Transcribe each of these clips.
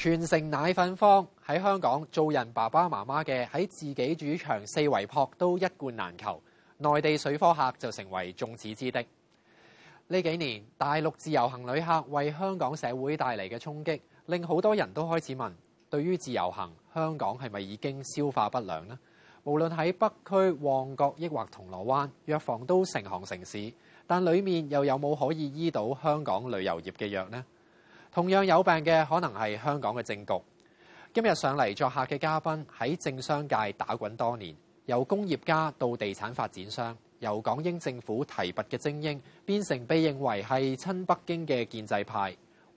全城奶粉荒喺香港做人爸爸媽媽嘅喺自己主場四圍撲都一罐難求，內地水貨客就成為眾矢之的。呢幾年大陸自由行旅客為香港社會帶嚟嘅衝擊令好多人都開始問：對於自由行，香港係咪已經消化不良呢？無論喺北區旺角抑或銅鑼灣藥房都成行成市，但裏面又有冇可以醫到香港旅遊業嘅藥呢？同樣有病嘅，可能係香港嘅政局。今日上嚟作客嘅嘉賓喺政商界打滾多年，由工業家到地產發展商，由港英政府提拔嘅精英，變成被認為係親北京嘅建制派，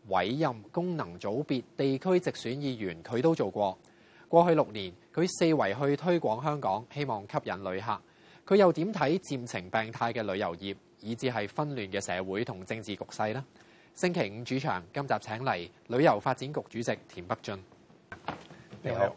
委任、功能組別、地區直選議員，佢都做過。過去六年，佢四圍去推廣香港，希望吸引旅客。佢又點睇漸呈病態嘅旅遊業，以至係紛亂嘅社會同政治局勢呢？星期五主場，今集請嚟旅遊發展局主席田北俊。你好。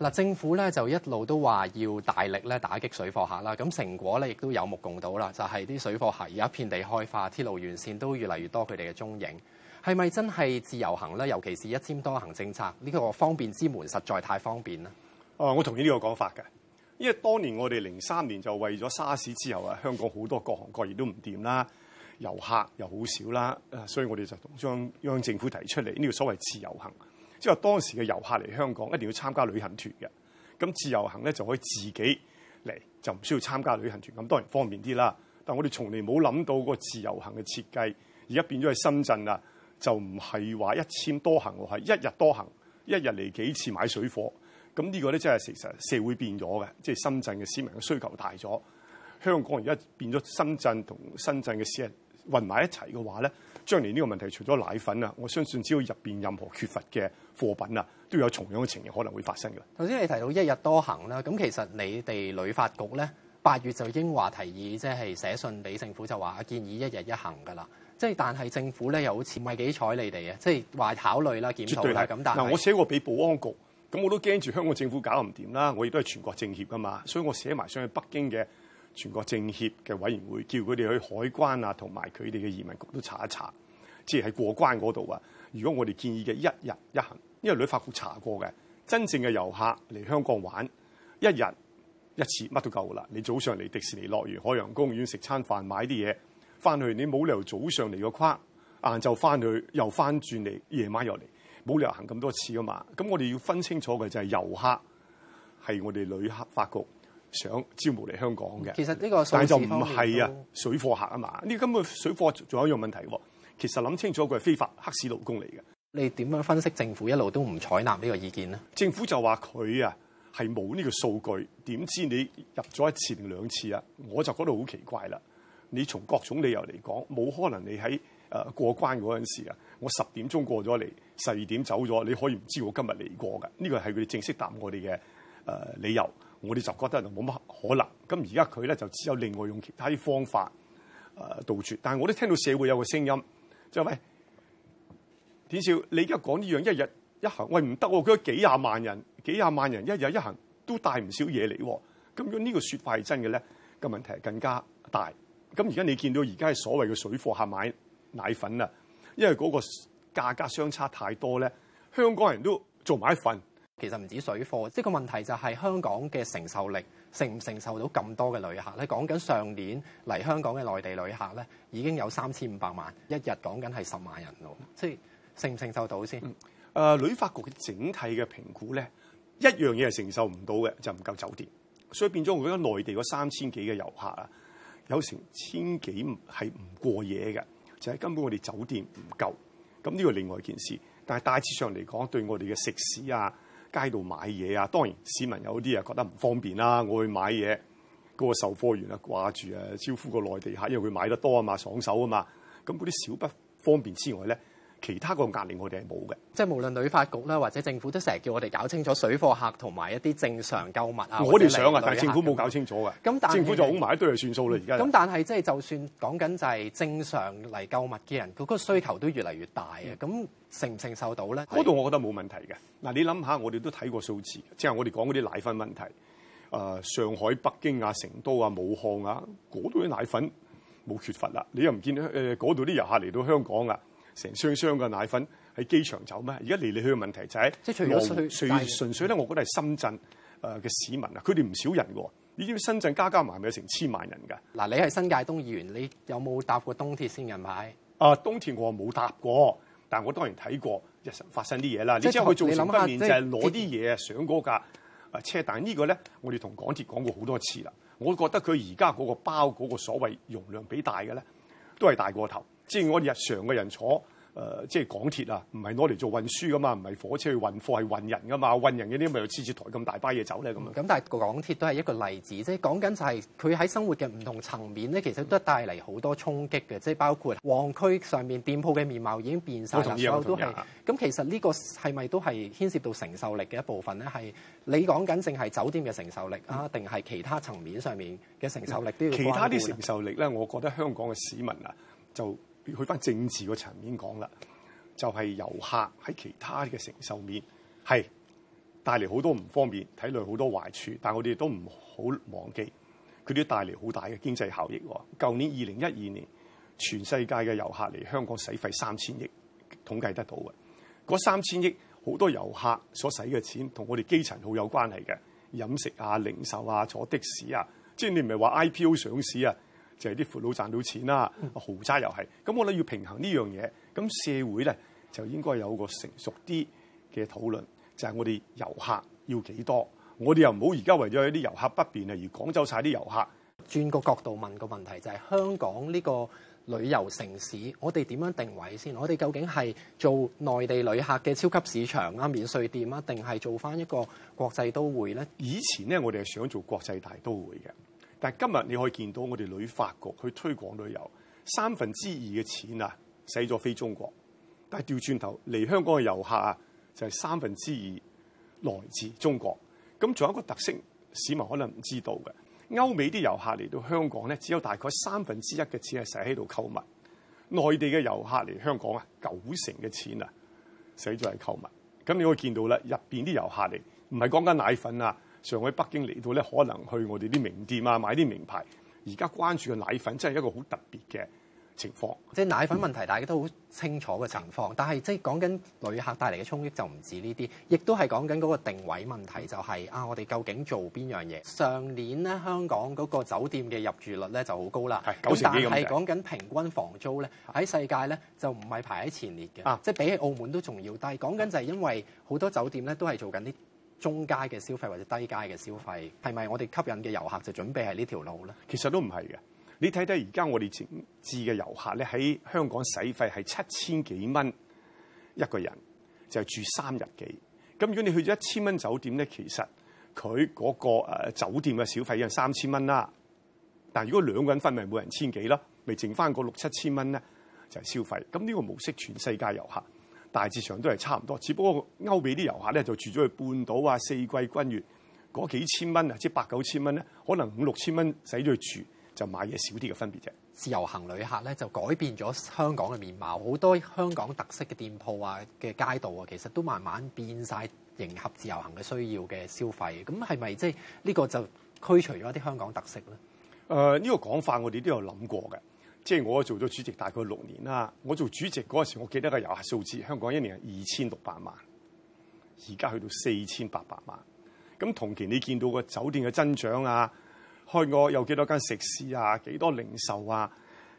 嗱，政府咧就一路都話要大力咧打擊水貨客啦，咁成果咧亦都有目共睹啦。就係、是、啲水貨客而家遍地開化，鐵路沿線都越嚟越多佢哋嘅蹤影。係咪真係自由行咧？尤其是一千多行一簽多行政策呢、呢個方便之門實在太方便啦、呃。我同意呢個講法嘅，因為當年我哋零三年就為咗沙士之後啊，香港好多各行各業都唔掂啦。遊客又好少啦，所以我哋就向政府提出嚟，呢個所謂自由行，即係話當時嘅遊客嚟香港一定要參加旅行團嘅。咁自由行咧就可以自己嚟，就唔需要參加旅行團，咁，當然方便啲啦。但我哋從嚟冇諗到個自由行嘅設計，而家變咗去深圳啊，就唔係話一簽多行，我係一日多行，一日嚟幾次買水貨，咁呢個咧真係其實社會變咗嘅，即係深圳嘅市民嘅需求大咗，香港而家變咗深圳同深圳嘅市混埋一齊嘅話咧，將來呢個問題除咗奶粉啊，我相信只要入面任何缺乏嘅貨品啊，都有重樣嘅情形可能會發生嘅。頭先你提到一日多行啦，咁其實你哋旅發局咧，八月就已經話提議，即係寫信俾政府就話建議一日一行噶啦。即係但係政府咧又好似唔係幾睬你哋啊，即係話考慮啦、檢討啦咁。但係嗱，我寫過俾保安局，咁我都驚住香港政府搞唔掂啦。我亦都係全國政協㗎嘛，所以我寫埋上去北京嘅。全國政協嘅委員會叫佢哋去海關啊，同埋佢哋嘅移民局都查一查，即係過關嗰度啊。如果我哋建議嘅一日一行，因為旅發局查過嘅，真正嘅遊客嚟香港玩，一日一次乜都夠啦。你早上嚟迪士尼樂園、落海洋公園食餐飯買啲嘢，翻去，你冇理由早上嚟個跨，晏晝翻去又翻轉嚟，夜晚又嚟，冇理由行咁多次噶嘛。咁我哋要分清楚嘅就係遊客係我哋旅客發局。想招募嚟香港嘅、啊啊，其實呢個，但係就唔係啊，水貨客啊嘛。呢個根本水貨仲有一樣問題，其實諗清楚佢係非法黑市勞工嚟嘅。你點樣分析政府一路都唔採納呢個意見呢？政府就話佢啊係冇呢個數據，點知你入咗一次定兩次啊？我就覺得好奇怪啦。你從各種理由嚟講，冇可能你喺誒過關嗰陣時啊，我十點鐘過咗嚟，十二點走咗，你可以唔知我今日嚟過㗎？呢個係佢哋正式答我哋嘅誒理由。我哋就覺得冇乜可能，咁而家佢咧就只有另外用其他啲方法誒、呃、杜絕，但係我都聽到社會有個聲音，就係、喂，點少你而家講呢樣一日一行，喂唔得喎！佢有幾廿萬人，幾廿萬人一日一行都帶唔少嘢嚟喎。咁樣呢個説法係真嘅咧，個問題係更加大。咁而家你見到而家係所謂嘅水貨客買奶粉啊，因為嗰個價格相差太多咧，香港人都做埋一份。其實唔止水貨，即個問題就係香港嘅承受力承唔承受到咁多嘅旅客咧？你講緊上年嚟香港嘅內地旅客咧，已經有三千五百萬，一日講緊係十萬人咯。即係承唔承受到先？誒、嗯，旅、呃、發局嘅整體嘅評估咧，一樣嘢，係承受唔到嘅，就唔夠酒店，所以變咗我覺得內地嗰三千幾嘅遊客啊，有成千幾係唔過夜嘅，就係、是、根本我哋酒店唔夠。咁、這、呢個另外一件事，但係大致上嚟講，對我哋嘅食肆啊～街度買嘢啊，當然市民有啲啊覺得唔方便啦。我去買嘢，嗰個售貨員啊掛住啊招呼個內地客，因為佢買得多啊嘛，爽手啊嘛。咁嗰啲小不方便之外咧。其他個壓力，我哋係冇嘅，即係無論旅發局啦，或者政府都成日叫我哋搞清楚水貨客同埋一啲正常購物啊。我哋想啊，但係政府冇搞清楚㗎。但但是政府就好埋一堆係算數啦。而家咁，但係即係就算講緊就係正常嚟購物嘅人，佢、那個需求都越嚟越大啊。咁承唔承受到咧？嗰度是我覺得冇問題嘅嗱。你諗下，我哋都睇過數字，即係我哋講嗰啲奶粉問題。誒、呃，上海、北京啊、成都啊、武漢啊，嗰度啲奶粉冇缺乏啦。你又唔見誒嗰度啲遊客嚟到香港啊？成箱箱嘅奶粉喺機場走咩？而家嚟嚟去嘅問題就係，即係湖，純水粹純粹咧，我覺得係深圳誒嘅市民啊，佢哋唔少人喎。你知，知深圳加加埋咪有成千萬人㗎。嗱，你係新界東議員，你有冇搭過東鐵先人買？啊，東鐵我冇搭過，但我當然睇過日常發生啲嘢啦。是你知佢做咗一方面就係攞啲嘢上嗰架車。是但係呢個咧，我哋同港鐵講過好多次啦。我覺得佢而家嗰個包嗰個所謂容量比大嘅咧，都係大過頭。即係我哋日常嘅人坐，誒、呃，即係港鐵啊，唔係攞嚟做運輸噶嘛，唔係火車去運貨，係運人噶嘛，運人嗰啲咪次次抬咁大包嘢走咧咁樣，咁、嗯嗯、但係港鐵都係一個例子，即係講緊就係佢喺生活嘅唔同層面咧，其實都帶嚟好多衝擊嘅，即係包括旺區上面店鋪嘅面貌已經變晒，同同有都係，咁。其實呢個係咪都係牽涉到承受力嘅一部分咧？係你講緊淨係酒店嘅承受力、嗯、啊，定係其他層面上面嘅承受力都要關心嘅？其他啲承受力咧，我覺得香港嘅市民啊，就去翻政治個層面講啦，就係遊客喺其他嘅承受面係帶嚟好多唔方便，體累好多壞處。但係我哋都唔好忘記，佢都帶嚟好大嘅經濟效益。舊年二零一二年，全世界嘅遊客嚟香港使費三千億，統計得到嘅。嗰三千億好多遊客所使嘅錢，同我哋基層好有關係嘅，飲食啊、零售啊、坐的士啊，即係你唔係話 IPO 上市啊？就係啲闊佬賺到錢啦，豪宅又係，咁我咧要平衡呢樣嘢，咁社會咧就應該有個成熟啲嘅討論，就係我哋遊客要幾多，我哋又唔好而家為咗啲遊客不便啊，而趕走晒啲遊客。轉個角度問個問題，就係香港呢個旅遊城市，我哋點樣定位先？我哋究竟係做內地旅客嘅超級市場啊、免稅店啊，定係做翻一個國際都會咧？以前咧，我哋係想做國際大都會嘅。但係今日你可以見到我哋旅發局去推廣旅遊，三分之二嘅錢啊，使咗飛中國。但係調轉頭嚟香港嘅遊客啊，就係、是、三分之二來自中國。咁仲有一個特色，市民可能唔知道嘅，歐美啲遊客嚟到香港咧，只有大概三分之一嘅錢係使喺度購物。內地嘅遊客嚟香港啊，九成嘅錢啊，使咗喺購物。咁你可以見到啦，入邊啲遊客嚟，唔係講緊奶粉啊。上海北京嚟到咧，可能去我哋啲名店啊，買啲名牌。而家關注嘅奶粉真係一個好特別嘅情況，即係奶粉問題大家都好清楚嘅情況。嗯、但係即係講緊旅客帶嚟嘅衝擊就唔止呢啲，亦都係講緊嗰個定位問題、就係，就係、嗯、啊，我哋究竟做邊樣嘢？上年咧，香港嗰個酒店嘅入住率咧就好高啦，嗯、是九成幾咁。但係講緊平均房租咧，喺世界咧就唔係排喺前列嘅。啊，即係比起澳門都仲要低。但係講緊就係因為好多酒店咧都係做緊啲。中階嘅消費或者低階嘅消費，係咪我哋吸引嘅遊客就準備係呢條路咧？其實都唔係嘅。你睇睇而家我哋整治嘅遊客咧，喺香港使費係七千幾蚊一個人，就係、住三日幾。咁如果你去咗一千蚊酒店咧，其實佢嗰個誒酒店嘅消費已經三千蚊啦。但係如果兩個人分，咪、就係、每人千幾咯？咪剩翻個六七千蚊咧，就係消費。咁呢個模式全世界遊客。大致上都係差唔多，只不過歐美啲遊客咧就住咗去半島啊、四季君悅嗰幾千蚊啊，即係八九千蚊咧，可能五六千蚊使咗去住就買嘢少啲嘅分別啫。自由行旅客咧就改變咗香港嘅面貌，好多香港特色嘅店鋪啊、嘅街道啊，其實都慢慢變晒迎合自由行嘅需要嘅消費。咁係咪即係呢個就驅除咗一啲香港特色咧？誒、呃，呢、呢個講法我哋都有諗過嘅。即係我做咗主席大概六年啦。我做主席嗰陣時，我記得個遊客數字，香港一年係二千六百萬，而家去到四千八百萬。咁同期你見到個酒店嘅增長啊，開過有幾多間食肆啊，幾多零售啊，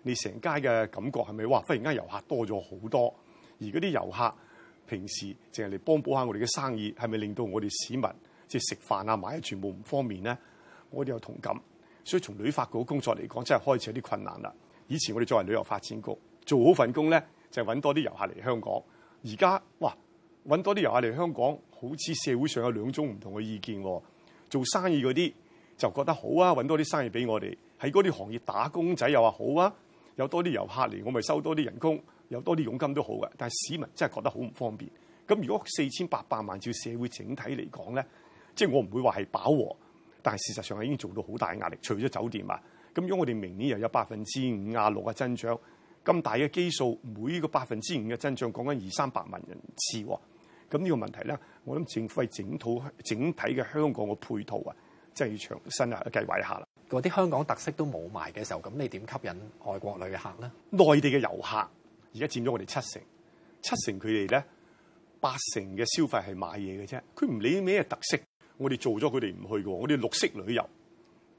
你成街嘅感覺係咪哇？忽然間遊客多咗好多，而嗰啲遊客平時淨係嚟幫補下我哋嘅生意，係咪令到我哋市民即係食飯啊、買嘢全部唔方便咧？我哋有同感，所以從旅發局工作嚟講，真係開始有啲困難啦。以前我哋作為旅遊發展局，做好份工咧就係揾多啲遊客嚟香港。而家哇，揾多啲遊客嚟香港，好似社會上有兩種唔同嘅意見。做生意嗰啲就覺得好啊，揾多啲生意俾我哋，喺嗰啲行業打工仔又話好啊，有多啲遊客嚟我咪收多啲人工，有多啲佣金都好嘅。但係市民真係覺得好唔方便。咁如果四千八百萬照社會整體嚟講咧，即係我唔會話係飽和，但係事實上係已經做到好大壓力，除咗酒店啊。咁如果我哋明年又有百分之五廿六嘅增長，咁大嘅基數，每個百分之五嘅增長，講緊二三百萬人次，咁呢個問題咧，我諗政府係整套整體嘅香港嘅配套啊，真係要長新啊，計劃一下啦。嗰啲香港特色都冇埋嘅時候，咁你點吸引外國旅客咧？內地嘅遊客而家佔咗我哋七成，七成佢哋咧八成嘅消費係買嘢嘅啫，佢唔理咩特色，我哋做咗佢哋唔去嘅，我哋綠色旅遊。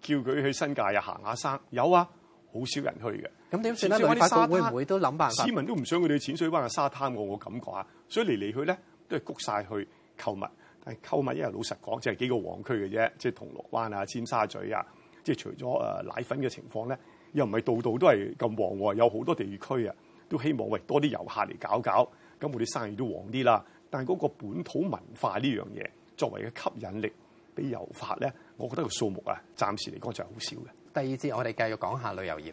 叫佢去新界啊，行下山有啊，好少人去嘅。咁點算咧？我百個會唔會都諗辦法？市民都唔想佢哋去淺水灣嘅沙灘喎，我感覺啊，所以嚟嚟去咧都係谷晒去購物。但係購物，因為老實講即係幾個旺區嘅啫，即係銅鑼灣啊、尖沙咀啊。即係除咗誒奶粉嘅情況咧，又唔係度度都係咁旺喎，有好多地區啊都希望喂多啲遊客嚟搞搞，咁我哋生意都旺啲啦。但係嗰個本土文化呢樣嘢作為嘅吸引力。俾遊法咧，我覺得個數目啊，暫時嚟講就係好少嘅。第二節我哋繼續講下旅遊業。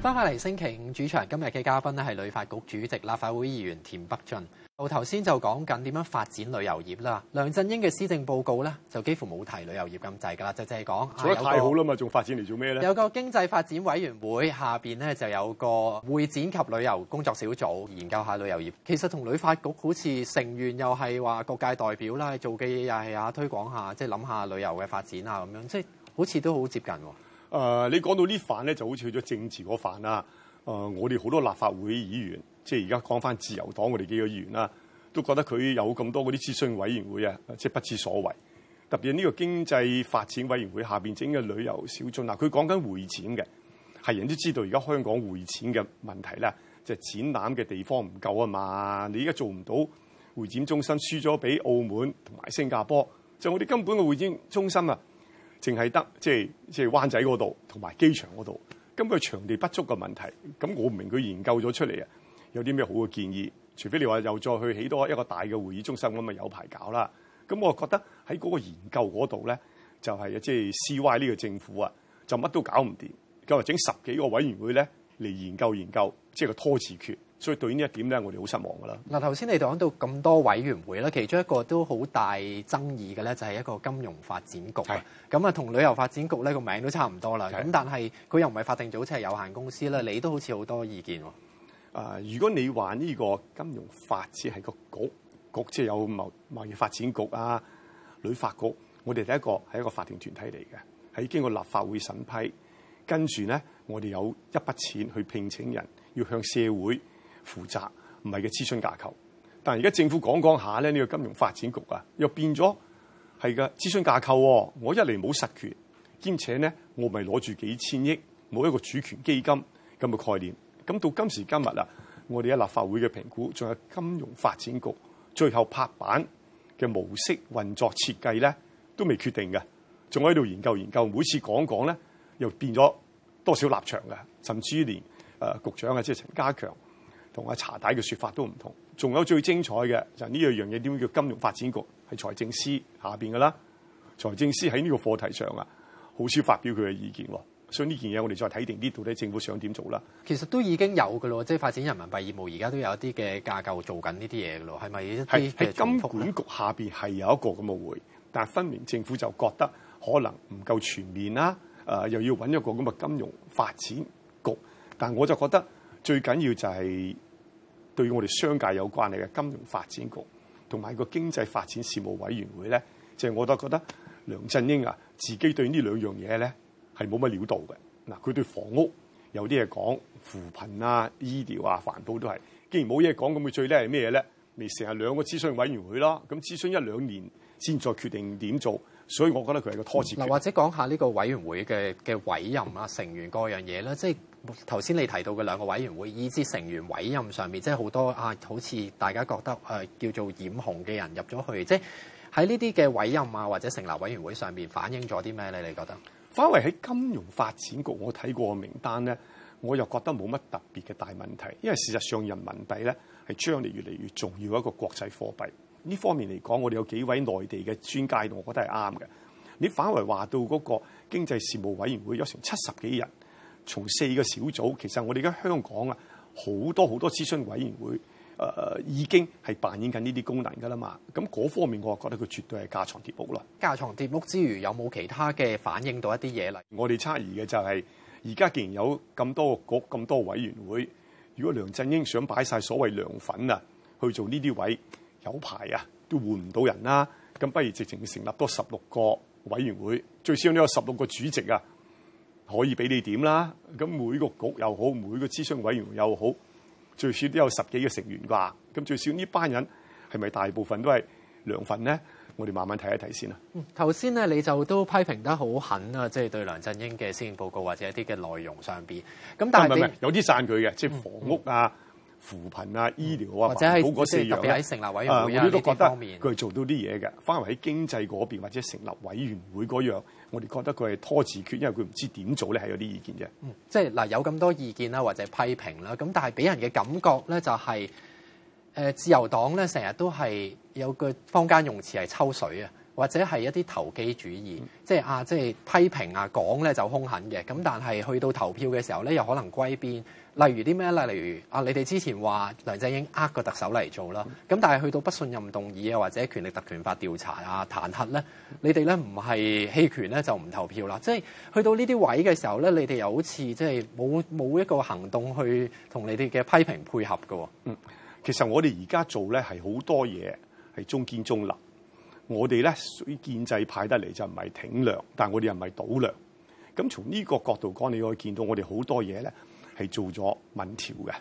翻返嚟星期五主場，今日嘅嘉賓咧係旅發局主席、立法會議員田北俊。我頭先就講緊點樣發展旅遊業啦。梁振英嘅施政報告咧，就幾乎冇提旅遊業咁滯噶啦，就淨係講做得太好啦嘛，仲、啊、發展嚟做咩咧？有個經濟發展委員會下邊咧，就有個會展及旅遊工作小組研究下旅遊業。其實同旅發局好似成員又係話各界代表啦，做嘅嘢又係啊推廣下，即係諗下旅遊嘅發展啊咁樣，即、就、係、是、好似都好接近。誒、呃，你講到呢範咧，就好似去咗政治嗰範啦。誒、呃，我哋好多立法會議員。即係而家講返自由黨，我哋幾個議員啦，都覺得佢有咁多嗰啲諮詢委員會啊，即係不知所謂。特別呢個經濟發展委員會下邊整嘅旅遊小組嗱，佢講緊會展嘅，係人都知道而家香港會展嘅問題咧，就係展覽嘅地方唔夠啊嘛。你而家做唔到會展中心，輸咗俾澳門同埋新加坡，就我哋根本嘅會展中心啊，淨係得即係即係灣仔嗰度同埋機場嗰度，根本場地不足嘅問題。咁我唔明佢研究咗出嚟啊！有啲咩好嘅建議？除非你話又再去起多一個大嘅會議中心咁，咪有排搞啦。咁我覺得喺嗰個研究嗰度咧，就係即係 C Y 呢個政府啊，就乜都搞唔掂。咁啊，整十幾個委員會咧嚟研究研究，即係個拖字訣。所以對於呢一點咧，我哋好失望㗎啦。嗱，頭先你哋講到咁多委員會啦，其中一個都好大爭議嘅咧，就係一個金融發展局。係的。咁啊，同旅遊發展局呢個名都差唔多啦。係的。咁但係佢又唔係法定組織，係有限公司啦。你都好似好多意見喎。啊！如果你話呢個金融發展係個局，局即係有貿貿易發展局啊、旅發局，我哋第一個係一個法定團體嚟嘅，係經過立法會審批，跟住咧，我哋有一筆錢去聘請人，要向社會負責，唔係嘅諮詢架構。但而家政府講講下咧，呢、呢個金融發展局啊，又變咗係嘅諮詢架構、哦。我一嚟冇實權，兼且咧，我咪攞住幾千億冇一個主權基金咁嘅概念。咁到今時今日啊，我哋喺立法會嘅評估，仲有金融發展局最後拍板嘅模式運作設計咧，都未決定嘅，仲喺度研究研究。每次講講咧，又變咗多少立場嘅，甚至於連、呃、局長啊，即係陳家強同阿查太嘅說法都唔同。仲有最精彩嘅就係呢樣樣嘢，點叫金融發展局係財政司下面㗎啦？財政司喺呢個課題上啊，好少發表佢嘅意見喎。所以呢件嘢我哋再睇定呢度，到底政府想點做啦。其實都已經有嘅咯，即係發展人民幣業務，而家都有一啲嘅架構做緊呢啲嘢嘅咯。係咪？係，喺金管局下邊係有一個咁嘅會，但係分明政府就覺得可能唔夠全面啦。誒、呃、又要揾一個咁嘅金融發展局。但係我就覺得最緊要就係對於我哋商界有關係嘅金融發展局同埋個經濟發展事務委員會咧，就是、我都覺得梁振英啊，自己對這呢兩樣嘢咧。係冇乜料到嘅嗱。佢對房屋有啲嘢講，扶貧啊、醫療啊、環保都係。既然冇嘢講，咁佢最叻係咩嘢咧？咪成日兩個諮詢委員會啦，咁諮詢一兩年先再決定點做，所以我覺得佢係個拖字。嗱，或者講下呢個委員會嘅嘅委任啊、成員各樣嘢咧，即係頭先你提到嘅兩個委員會，以至成員委任上面，即係好多啊，好似大家覺得誒、啊、叫做染紅嘅人入咗去，即係喺呢啲嘅委任啊或者成立委員會上面反映咗啲咩咧？你覺得？反為喺金融發展局，我睇過個名單咧，我又覺得冇乜特別嘅大問題，因為事實上人民幣咧係將嚟越嚟越重要一個國際貨幣。呢方面嚟講，我哋有幾位內地嘅專家，我覺得係啱嘅。你反為話到嗰個經濟事務委員會有成七十幾人，從四個小組，其實我哋而家香港啊好多好多諮詢委員會。誒、呃、已經係扮演緊呢啲功能㗎啦嘛，咁嗰方面我就覺得佢絕對係架床疊屋咯。架床疊屋之餘，有冇其他嘅反映到一啲嘢嚟？我哋詫異嘅就係、是，而家既然有咁多個局、咁多委員會，如果梁振英想擺晒所謂梁粉啊去做呢啲位，有排啊都換唔到人啦、啊。咁不如直情成立多十六個委員會，最少呢有十六個主席啊，可以俾你點啦。咁每個局又好，每個諮詢委員又好。最少都有十幾個成員啩，咁最少呢班人係咪大部分都係良份咧？我哋慢慢睇一睇先啊。頭先咧你就都批評得好狠啊，即係對梁振英嘅施政報告或者一啲嘅內容上邊。咁但係唔係有啲讚佢嘅，即係房屋啊。嗯嗯扶貧啊、醫療啊、嗯、或者環保嗰四樣，啊，我呢都方面，佢係做到啲嘢嘅。反而喺經濟嗰邊或者成立委員會嗰樣，我哋覺得佢係拖字訣，因為佢唔知點做咧，係有啲意見嘅。即係嗱，有咁多意見啦，或者批評啦，咁但係俾人嘅感覺咧、就是，就係誒自由黨咧，成日都係有個坊間用詞係抽水啊，或者係一啲投機主義，即係、嗯、啊，即、就、係、是、批評啊，講咧就兇狠嘅。咁但係去到投票嘅時候咧，又可能歸邊？例如啲咩咧？例如啊，你哋之前話梁振英呃個特首嚟做啦，咁但係去到不信任動議啊，或者權力特權法調查啊、彈劾咧，你哋咧唔係棄權咧就唔投票啦。即係去到呢啲位嘅時候咧，你哋又好似即係冇冇一個行動去同你哋嘅批評配合㗎。嗯，其實我哋而家做咧係好多嘢係中堅中立，我哋咧屬於建制派得嚟就唔係挺梁，但我哋又唔係倒梁。咁從呢個角度講，你可以見到我哋好多嘢咧。係做咗民調嘅，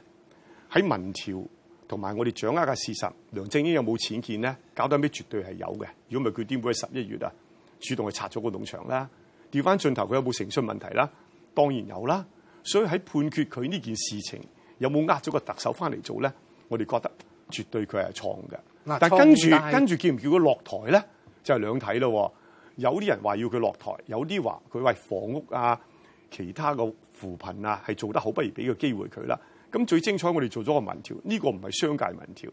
喺民調同埋我哋掌握嘅事實，梁振英有冇僭建咧？搞到尾絕對係有嘅。如果唔係佢點會喺十一月啊主動去拆咗個農場啦，調翻盡頭佢有冇誠信問題啦？當然有啦。所以喺判決佢呢件事情有冇呃咗個特首翻嚟做咧？我哋覺得絕對佢係錯嘅。那但跟住跟住叫唔叫佢落台咧？就係、是、兩睇咯。有啲人話要佢落台，有啲話佢為房屋啊其他個。扶貧啊，係做得好，不如俾個機會佢啦。咁最精彩，我哋做咗個民調，呢、這個唔係商界民調，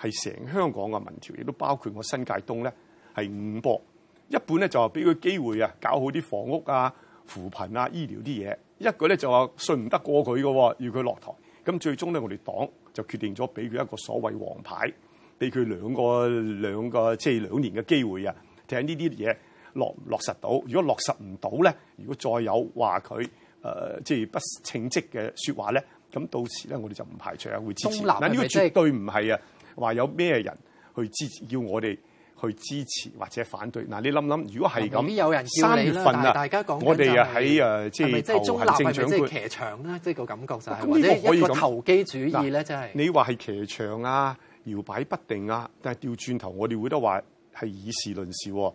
係成香港嘅民調，亦都包括我新界東咧係五波，一半咧就話俾佢機會啊，搞好啲房屋啊、扶貧啊、醫療啲嘢；一個咧就話信唔得過佢嘅、啊，要佢落台。咁最終咧，我哋黨就決定咗俾佢一個所謂黃牌，俾佢兩個兩個即係、就是、兩年嘅機會啊。睇下呢啲嘢落唔落實到？如果落實唔到咧，如果再有話佢。誒、呃，即係不稱職嘅說話咧，咁到時咧，我哋就唔排除啊，會支持嗱。呢、就是、個絕對唔係啊，話有咩人去支持要我哋去支持或者反對嗱？嗱，你諗諗，如果係咁，明明有人三月份啊，是大家講緊嘅係係咪即係中立是是是場？係咪即係騎牆咧？即係個感覺就係、是、或者一個投機主義咧？即係你話係騎場啊、搖擺不定啊，但係調轉頭我哋會都話係以事論事、啊，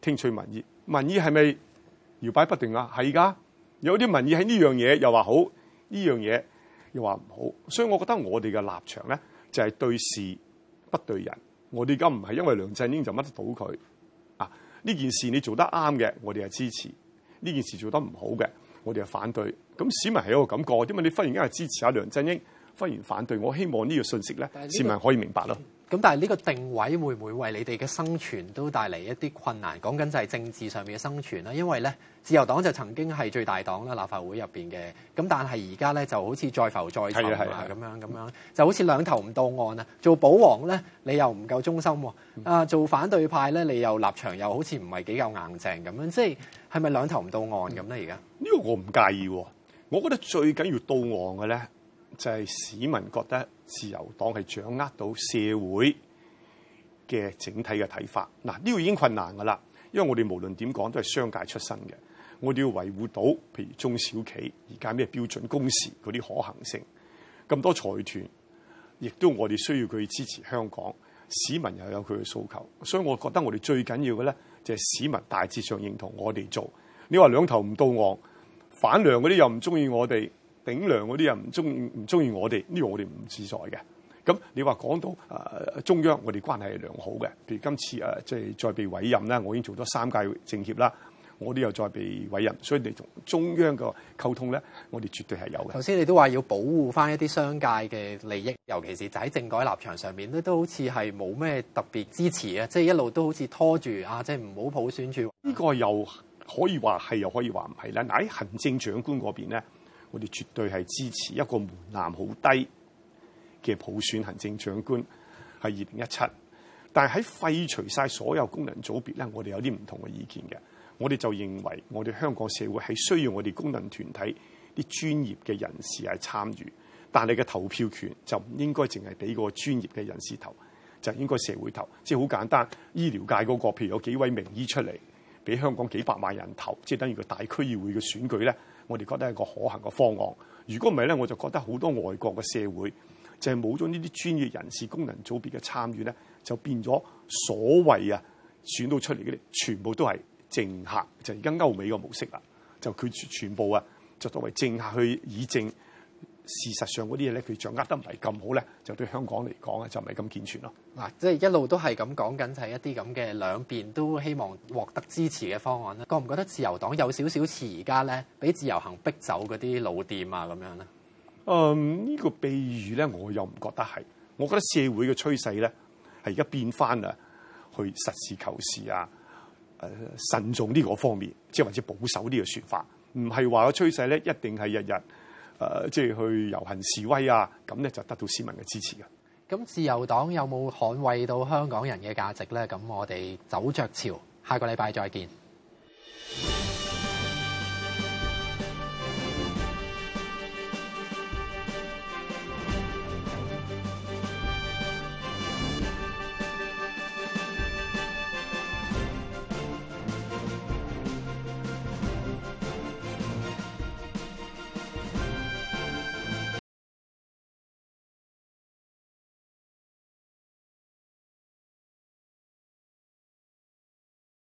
聽取民意，民意係咪搖擺不定啊？係噶。有啲民意喺呢樣嘢又話好，呢樣嘢又話唔好，所以我覺得我哋嘅立場咧就係對事不對人。我哋而家唔係因為梁振英就乜都倒佢啊！呢件事你做得啱嘅，我哋係支持；呢件事做得唔好嘅，我哋係反對。咁市民係一個感覺，點解你忽然間係支持下梁振英，忽然反對？我希望呢個信息咧，市民可以明白咯。咁但係呢個定位會唔會為你哋嘅生存都帶嚟一啲困難？講緊就係政治上面嘅生存啦，因為咧自由黨就曾經係最大黨啦，立法會入面嘅。咁但係而家咧就好似再浮再沉係咁樣咁是的 樣，就好似兩頭唔到岸啊！做保皇咧，你又唔夠忠心喎；啊，做反對派咧，你又立場又好似唔係幾夠硬淨咁樣，即係係咪兩頭唔到岸咁咧？而家呢個我唔介意喎，我覺得最緊要到岸嘅咧。就係市民覺得自由黨係掌握到社會嘅整體嘅睇法，嗱、這、呢個已經困難噶啦，因為我哋無論點講都係商界出身嘅，我哋要維護到譬如中小企而家咩標準工時嗰啲可行性，咁多財團，亦都我哋需要佢支持，香港市民又有佢嘅訴求，所以我覺得我哋最緊要嘅咧就係、是、市民大致上認同我哋做，你話兩頭唔到岸，泛民嗰啲又唔中意我哋。頂梁嗰啲人唔中唔中意我哋呢？這個，我哋唔自在嘅。咁你話講到誒、呃、中央，我哋關係係良好嘅。譬如今次誒，即、啊、係、就是、再被委任啦，我已經做咗三屆政協啦，我哋又再被委任，所以你同中央嘅溝通咧，我哋絕對係有嘅。頭先你都話要保護翻一啲商界嘅利益，尤其是就喺政改立場上面咧，都好似係冇咩特別支持啊，即、就、係、是、一路都好似拖住啊，即係唔好普選住。呢個又可以話係，又可以話唔係啦。嗱喺行政長官嗰邊咧。我哋絕對係支持一個門檻好低嘅普選行政長官係二零一七，但係喺廢除晒所有功能組別咧，我哋有啲唔同嘅意見嘅。我哋就認為，我哋香港社會係需要我哋功能團體啲專業嘅人士係參與，但你嘅投票權就唔應該淨係俾個專業嘅人士投，就應該社會投。即係好簡單，醫療界嗰個，譬如有幾位名醫出嚟，俾香港幾百萬人投，即係等於個大區議會嘅選舉咧。我哋覺得係一個可行嘅方案。如果唔係咧，我就覺得好多外國嘅社會就係冇咗呢啲專業人士功能組別嘅參與咧，就變咗所謂啊選到出嚟嘅全部都係政客，就而家歐美嘅模式啦。就佢全部啊，就作為政客去以政。事實上嗰啲嘢咧，佢掌握得唔係咁好咧，就對香港嚟講啊，就唔係咁健全咯、嗯。嗱，即係一路都係咁講緊，就係、是、一啲咁嘅兩邊都希望獲得支持嘅方案啦。覺唔覺得自由黨有少少似而家咧，俾自由行逼走嗰啲老店啊咁樣咧？嗯，呢、這個比喻咧，我又唔覺得係。我覺得社會嘅趨勢咧，係而家變翻啊，去實事求是啊，誒、呃、慎重呢個方面，即係或者保守呢個説法，唔係話個趨勢咧一定係日日。誒、呃，即係去遊行示威啊，咁咧就得到市民嘅支持嘅。咁自由黨有冇捍衛到香港人嘅價值咧？咁我哋走着潮，下個禮拜再見。